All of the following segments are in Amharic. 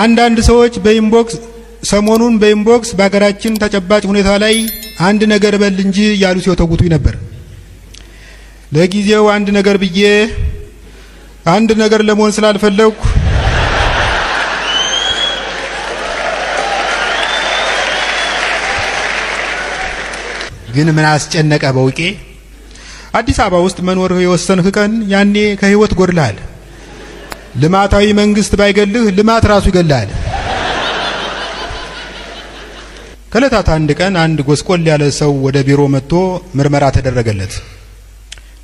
አንዳንድ ሰዎች በኢንቦክስ ሰሞኑን በኢንቦክስ በሀገራችን ተጨባጭ ሁኔታ ላይ አንድ ነገር በል እንጂ ያሉ ሲወተውቱኝ ነበር። ለጊዜው አንድ ነገር ብዬ አንድ ነገር ለመሆን ስላልፈለግኩ ግን ምን አስጨነቀ በውቄ አዲስ አበባ ውስጥ መኖር የወሰንክ ቀን ያኔ ከህይወት ጎድልሃል። ልማታዊ መንግስት ባይገልህ ልማት ራሱ ይገልሃል። ከእለታት አንድ ቀን አንድ ጎስቆል ያለ ሰው ወደ ቢሮ መጥቶ ምርመራ ተደረገለት።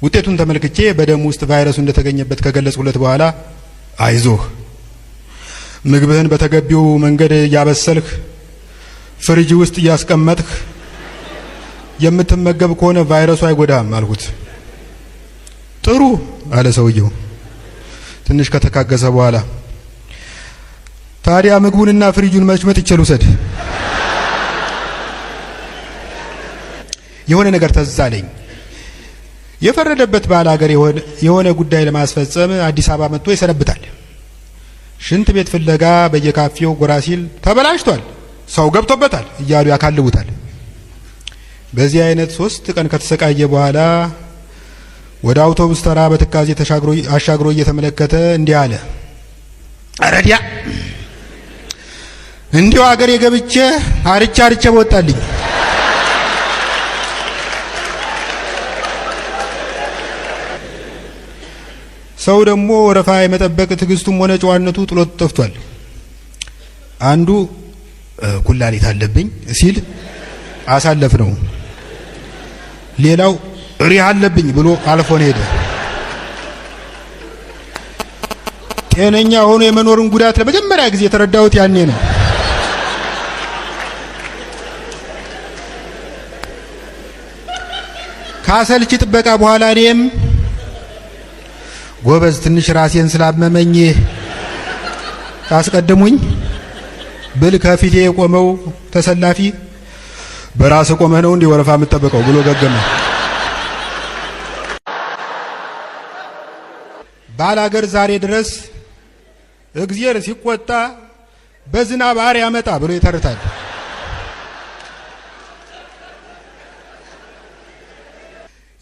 ውጤቱን ተመልክቼ በደም ውስጥ ቫይረሱ እንደተገኘበት ከገለጽኩለት በኋላ አይዞህ፣ ምግብህን በተገቢው መንገድ እያበሰልህ ፍሪጅ ውስጥ እያስቀመጥህ የምትመገብ ከሆነ ቫይረሱ አይጎዳም አልኩት። ጥሩ አለ ሰውየው። ትንሽ ከተካገሰ በኋላ ታዲያ ምግቡንና ፍሪጁን መች መጥቼ ልውሰድ? የሆነ ነገር ተዛለኝ የፈረደበት ባል ሀገር የሆነ ጉዳይ ለማስፈጸም አዲስ አበባ መጥቶ ይሰነብታል። ሽንት ቤት ፍለጋ በየካፌው ጎራ ሲል ተበላሽቷል፣ ሰው ገብቶበታል እያሉ ያካልቡታል። በዚህ አይነት ሶስት ቀን ከተሰቃየ በኋላ ወደ አውቶቡስ ተራ በትካዜ አሻግሮ እየተመለከተ እንዲህ አለ። አረዲያ እንዲሁ አገር የገብቼ አርቻ አርቼ በወጣልኝ። ሰው ደግሞ ወረፋ የመጠበቅ ትዕግስቱም ሆነ ጨዋነቱ ጥሎት ጠፍቷል። አንዱ ኩላሊት አለብኝ ሲል አሳለፍ ነው። ሌላው ሪህ አለብኝ ብሎ አልፎን ሄደ። ጤነኛ ሆኖ የመኖርን ጉዳት ለመጀመሪያ ጊዜ የተረዳሁት ያኔ ነው። ካሰልቺ ጥበቃ በኋላ እኔም ጎበዝ ትንሽ ራሴን ስላመመኝ አስቀድሙኝ ብል ከፊቴ የቆመው ተሰላፊ በራስ ቆመህ ነው እንዲህ ወረፋ የምጠበቀው ብሎ ገገመ። ባላገር ዛሬ ድረስ እግዚአብሔር ሲቆጣ በዝናብ አር ያመጣ ብሎ ይተርታል።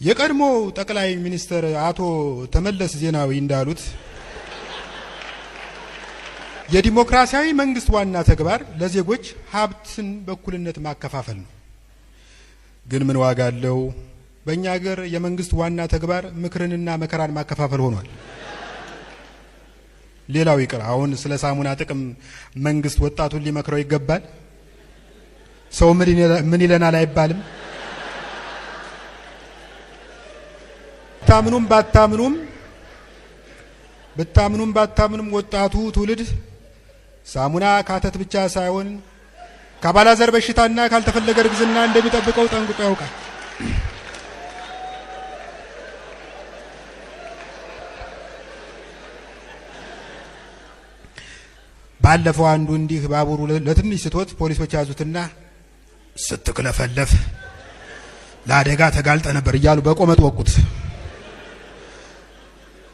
የቀድሞ ጠቅላይ ሚኒስትር አቶ ተመለስ ዜናዊ እንዳሉት የዲሞክራሲያዊ መንግስት ዋና ተግባር ለዜጎች ሀብትን በእኩልነት ማከፋፈል ነው። ግን ምን ዋጋ አለው? በእኛ ሀገር የመንግስት ዋና ተግባር ምክርንና መከራን ማከፋፈል ሆኗል። ሌላው ይቅር። አሁን ስለ ሳሙና ጥቅም መንግስት ወጣቱን ሊመክረው ይገባል። ሰው ምን ይለናል አይባልም። ብታምኑም ባታምኑም ብታምኑም ባታምኑም ወጣቱ ትውልድ ሳሙና ካተት ብቻ ሳይሆን ከአባላዘር በሽታና ካልተፈለገ እርግዝና እንደሚጠብቀው ጠንቅቆ ያውቃል። ባለፈው አንዱ እንዲህ ባቡሩ ለትንሽ ስቶት ፖሊሶች ያዙትና ስትክለፈለፍ ለአደጋ ተጋልጠ ነበር እያሉ በቆመጥ ወቁት።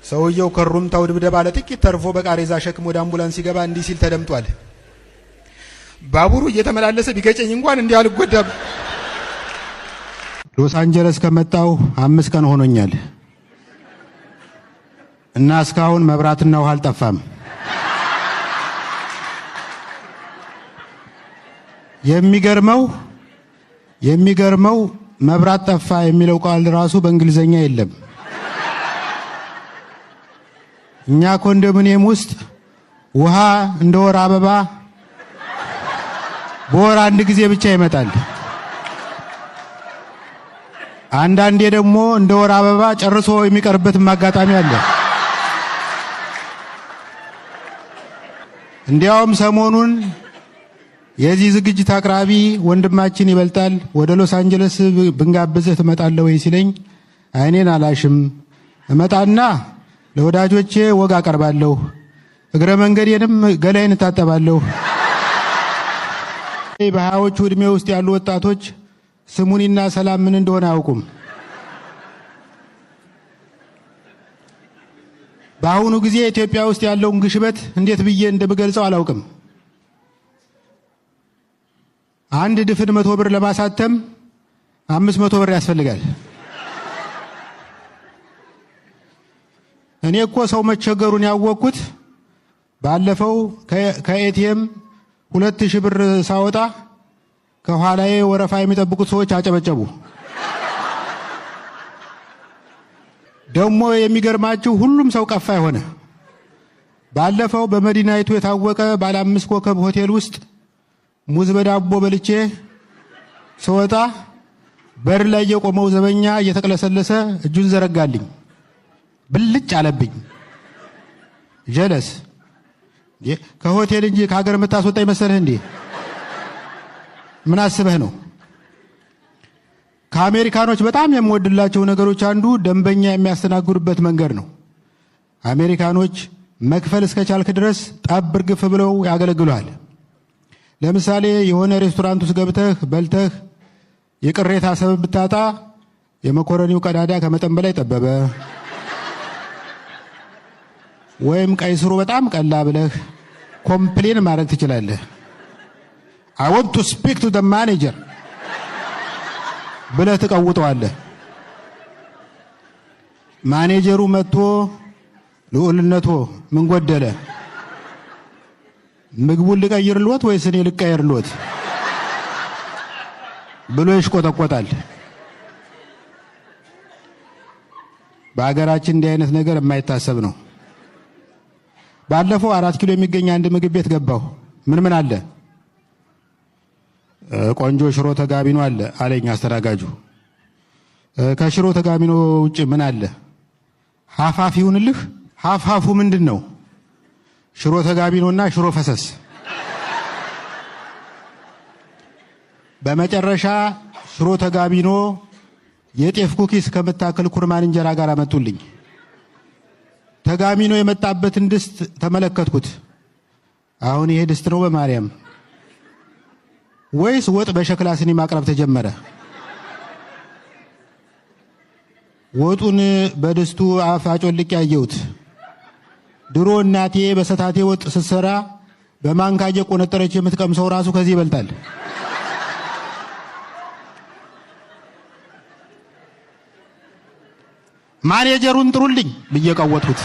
ሰውየው ከሩምታው ድብደባ ለጥቂት ተርፎ በቃሬዛ ሸክም ወደ አምቡላንስ ሲገባ እንዲህ ሲል ተደምጧል። ባቡሩ እየተመላለሰ ቢገጨኝ እንኳን እንዲህ አልጎዳም። ሎስ አንጀለስ ከመጣው አምስት ቀን ሆኖኛል እና እስካሁን መብራትና ውሃ አልጠፋም። የሚገርመው የሚገርመው መብራት ጠፋ የሚለው ቃል ራሱ በእንግሊዘኛ የለም። እኛ ኮንዶሚኒየም ውስጥ ውሃ እንደ ወር አበባ በወር አንድ ጊዜ ብቻ ይመጣል። አንዳንዴ ደግሞ እንደ ወር አበባ ጨርሶ የሚቀርበትም አጋጣሚ አለ። እንዲያውም ሰሞኑን የዚህ ዝግጅት አቅራቢ ወንድማችን ይበልጣል ወደ ሎስ አንጀለስ ብንጋብዝህ ትመጣለህ ወይ ሲለኝ አይኔን አላሽም እመጣና ለወዳጆቼ ወግ አቀርባለሁ፣ እግረ መንገዴንም ገላይን እታጠባለሁ። በሀያዎቹ ዕድሜ ውስጥ ያሉ ወጣቶች ስሙኒና ሰላም ምን እንደሆነ አያውቁም። በአሁኑ ጊዜ ኢትዮጵያ ውስጥ ያለውን ግሽበት እንዴት ብዬ እንደምገልጸው አላውቅም። አንድ ድፍን መቶ ብር ለማሳተም አምስት መቶ ብር ያስፈልጋል። እኔ እኮ ሰው መቸገሩን ያወቅኩት ባለፈው ከኤቲኤም ሁለት ሺህ ብር ሳወጣ ከኋላዬ ወረፋ የሚጠብቁት ሰዎች አጨበጨቡ። ደግሞ የሚገርማችሁ ሁሉም ሰው ቀፋ የሆነ ባለፈው በመዲናይቱ የታወቀ ባለ አምስት ኮከብ ሆቴል ውስጥ ሙዝ በዳቦ በልቼ ስወጣ በር ላይ የቆመው ዘበኛ እየተቅለሰለሰ እጁን ዘረጋልኝ። ብልጭ አለብኝ። ጀለስ ከሆቴል እንጂ ከሀገር የምታስወጣ ይመሰልህ እንዴ? ምን አስበህ ነው? ከአሜሪካኖች በጣም የምወድላቸው ነገሮች አንዱ ደንበኛ የሚያስተናግዱበት መንገድ ነው። አሜሪካኖች መክፈል እስከቻልክ ድረስ ጠብ እርግፍ ብለው ያገለግሏል። ለምሳሌ የሆነ ሬስቶራንት ውስጥ ገብተህ በልተህ የቅሬታ ሰበብ ብታጣ የመኮረኒው ቀዳዳ ከመጠን በላይ ጠበበ ወይም ቀይ ስሩ በጣም ቀላ ብለህ ኮምፕሌን ማድረግ ትችላለህ። አይ ወንት ቱ ስፒክ ቱ ደ ማኔጀር ብለህ ትቀውጠዋለህ። ማኔጀሩ መጥቶ ልዑልነቶ ምን ጎደለ ምግቡን ልቀይርልዎት ወይስ እኔ ልቀየርልዎት ብሎ ይሽቆጠቆጣል። በሀገራችን እንዲህ አይነት ነገር የማይታሰብ ነው። ባለፈው አራት ኪሎ የሚገኝ አንድ ምግብ ቤት ገባሁ። ምን ምን አለ? ቆንጆ ሽሮ ተጋቢኖ አለ አለኝ አስተናጋጁ። ከሽሮ ተጋቢኖ ውጭ ምን አለ? ሀፋፍ ይሁንልህ። ሀፍሀፉ ምንድን ነው? ሽሮ ተጋቢ ነውና ሽሮ ፈሰስ። በመጨረሻ ሽሮ ተጋቢኖ የጤፍ ኩኪስ ከምታክል ኩርማን እንጀራ ጋር አመጡልኝ። ነው የመጣበትን ድስት ተመለከትኩት። አሁን ይሄ ድስት ነው በማርያም ወይስ ወጥ በሸክላ ስኒ ማቅረብ ተጀመረ? ወጡን በድስቱ አፍ አጮልቄ አየሁት። ድሮ እናቴ በሰታቴ ወጥ ስትሰራ በማንካ ቆነጠረች የምትቀምሰው ራሱ ከዚህ ይበልጣል። ማኔጀሩን ጥሩልኝ ብዬ ቀወጥኩት።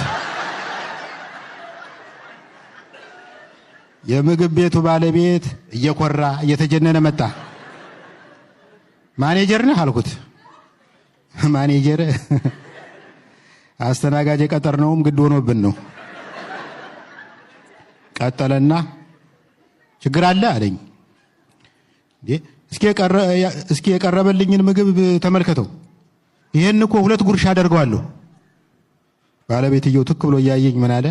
የምግብ ቤቱ ባለቤት እየኮራ እየተጀነነ መጣ። ማኔጀር ነህ አልኩት። ማኔጀር አስተናጋጅ ነውም ግድ ሆኖብን ነው። ቀጠለና ችግር አለ አለኝ። እስኪ የቀረበልኝን ምግብ ተመልከተው፣ ይህን እኮ ሁለት ጉርሻ አደርገዋለሁ። ባለቤትየው ትክ ብሎ እያየኝ ምን አለ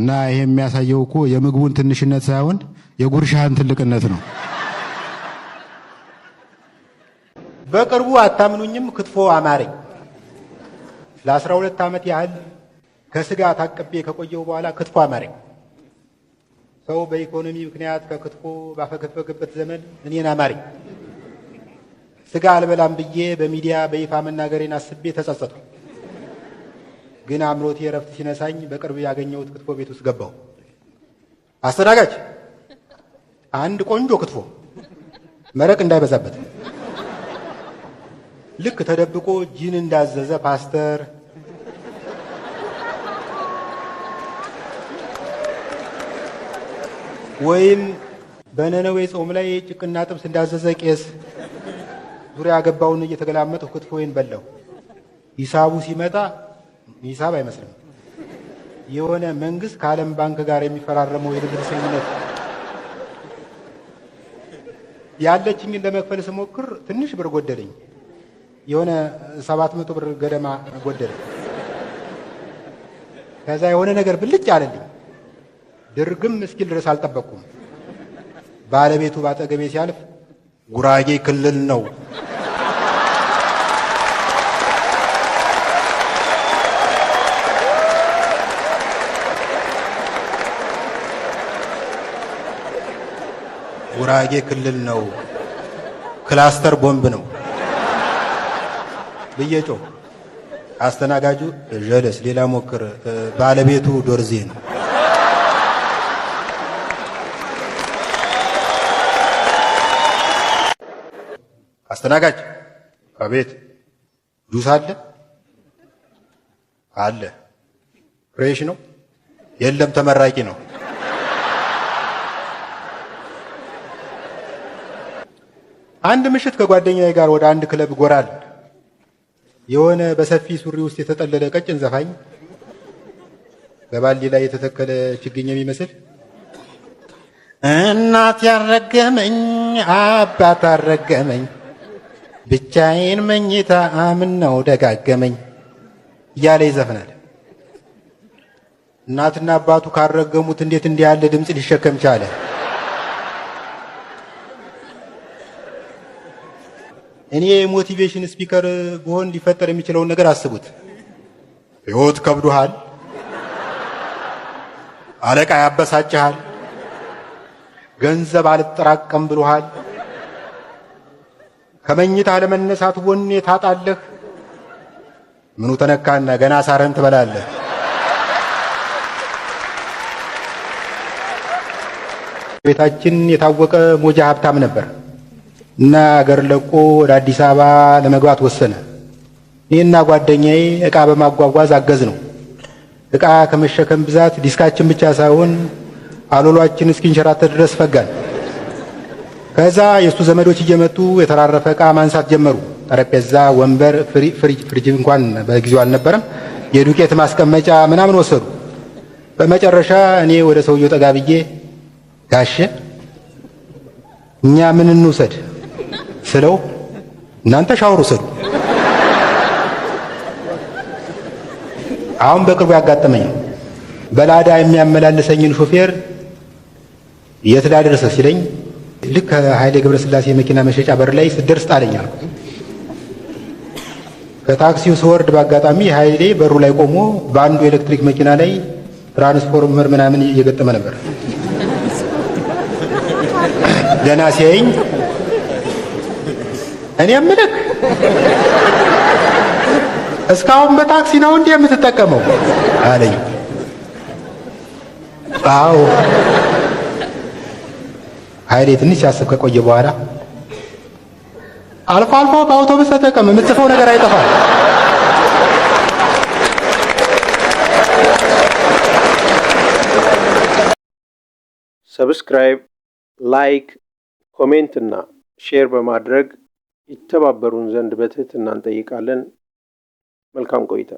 እና ይሄ የሚያሳየው እኮ የምግቡን ትንሽነት ሳይሆን የጉርሻህን ትልቅነት ነው። በቅርቡ አታምኑኝም፣ ክትፎ አማረኝ። ለአስራ ሁለት ዓመት ያህል ከስጋ ታቅቤ ከቆየው በኋላ ክትፎ አማረኝ። ሰው በኢኮኖሚ ምክንያት ከክትፎ ባፈገፈገበት ዘመን እኔን አማሪ! ስጋ አልበላም ብዬ በሚዲያ በይፋ መናገሬን አስቤ ተጸጸቱ። ግን አእምሮቴ እረፍት ሲነሳኝ በቅርብ ያገኘሁት ክትፎ ቤት ውስጥ ገባሁ። አስተናጋጅ አንድ ቆንጆ ክትፎ መረቅ እንዳይበዛበት ልክ ተደብቆ ጂን እንዳዘዘ ፓስተር ወይም በነነዌ ጾም ላይ ጭቅና ጥብስ እንዳዘዘ ቄስ ዙሪያ ገባውን እየተገላመጥሁ ክትፎዬን በላሁ። ሂሳቡ ሲመጣ ሂሳብ አይመስልም። የሆነ መንግስት ከዓለም ባንክ ጋር የሚፈራረመው የብድር ስምምነት ያለችኝን ለመክፈል ስሞክር ትንሽ ብር ጎደለኝ። የሆነ ሰባት መቶ ብር ገደማ ጎደለኝ። ከዛ የሆነ ነገር ብልጭ አለልኝ። ድርግም እስኪል ድረስ አልጠበቅኩም። ባለቤቱ ባጠገቤ ሲያልፍ ጉራጌ ክልል ነው ጉራጌ ክልል ነው፣ ክላስተር ቦምብ ነው ብዬ ጮህ። አስተናጋጁ ዠለስ ሌላ ሞክር፣ ባለቤቱ ዶርዜ ነው። አስተናጋጅ አቤት። ጁስ አለ አለ። ፍሬሽ ነው የለም፣ ተመራቂ ነው። አንድ ምሽት ከጓደኛዬ ጋር ወደ አንድ ክለብ ጎራል። የሆነ በሰፊ ሱሪ ውስጥ የተጠለለ ቀጭን ዘፋኝ በባሊ ላይ የተተከለ ችግኝ የሚመስል እናት ያረገመኝ አባት አረገመኝ ብቻዬን መኝታ አምነው ደጋገመኝ እያለ ይዘፍናል። እናትና አባቱ ካረገሙት እንዴት እንዲህ ያለ ድምፅ ሊሸከም ቻለ? እኔ የሞቲቬሽን ስፒከር ብሆን ሊፈጠር የሚችለውን ነገር አስቡት። ሕይወት ከብዶሃል፣ አለቃ ያበሳጭሃል፣ ገንዘብ አልጠራቀም ብሎሃል ከመኝታ ለመነሳት ወኔ ታጣለህ። ምኑ ተነካና ገና ሳረን ትበላለህ። ቤታችን የታወቀ ሞጃ ሀብታም ነበር እና አገር ለቆ ወደ አዲስ አበባ ለመግባት ወሰነ። እኔና ጓደኛዬ እቃ በማጓጓዝ አገዝ ነው። እቃ ከመሸከም ብዛት ዲስካችን ብቻ ሳይሆን አሎሏችን እስኪንሸራተት ድረስ ፈጋል። ከዛ የእሱ ዘመዶች እየመጡ የተራረፈ ዕቃ ማንሳት ጀመሩ። ጠረጴዛ፣ ወንበር፣ ፍሪጅ እንኳን በጊዜው አልነበረም። የዱቄት ማስቀመጫ ምናምን ወሰዱ። በመጨረሻ እኔ ወደ ሰውየው ጠጋ ብዬ ጋሸ እኛ ምን እንውሰድ ስለው እናንተ ሻወር ውሰዱ። አሁን በቅርቡ ያጋጠመኝ በላዳ የሚያመላልሰኝን ሾፌር የት ላደርሰ ሲለኝ ልክ ከኃይሌ ገብረስላሴ መኪና መሸጫ በር ላይ ስደርስ ጣለኝ አልኩት። ከታክሲው ስወርድ በአጋጣሚ ኃይሌ በሩ ላይ ቆሞ በአንዱ ኤሌክትሪክ መኪና ላይ ትራንስፎርመር ምናምን እየገጠመ ነበር። ገና ሲያየኝ እኔ ምልክ እስካሁን በታክሲ ነው እንዲህ የምትጠቀመው አለኝ። አዎ ኃይሌ ትንሽ ሲያስብ ከቆየ በኋላ አልፎ አልፎ በአውቶቡስ ተጠቀም፣ የምትጽፈው ነገር አይጠፋል። ሰብስክራይብ፣ ላይክ፣ ኮሜንት እና ሼር በማድረግ ይተባበሩን ዘንድ በትህትና እንጠይቃለን። መልካም ቆይታ